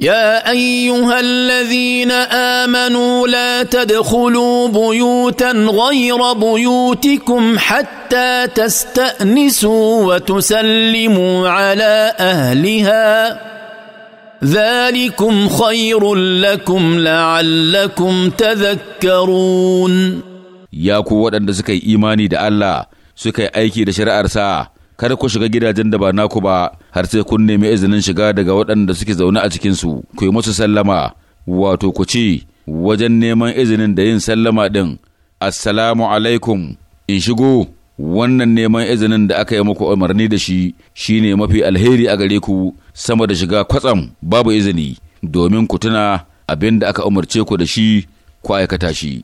يا ايها الذين امنوا لا تدخلوا بيوتا غير بيوتكم حتى تستانسوا وتسلموا على اهلها ذلكم خير لكم لعلكم تذكرون يا قوه ان سكاي ايماني ده الله سكاي ايكي ده شريعه Kar ku shiga gidajen da ba naku ba har sai kun nemi izinin shiga daga waɗanda suke zaune a cikinsu ku yi musu sallama wato ku ci wajen neman izinin da yin sallama ɗin assalamu alaikum in shigo wannan neman izinin da aka yi muku umarni da shi shine mafi alheri a gare ku sama da shiga kwatsam babu izini domin ku tuna abin da aka umarce ku da shi ku aikata shi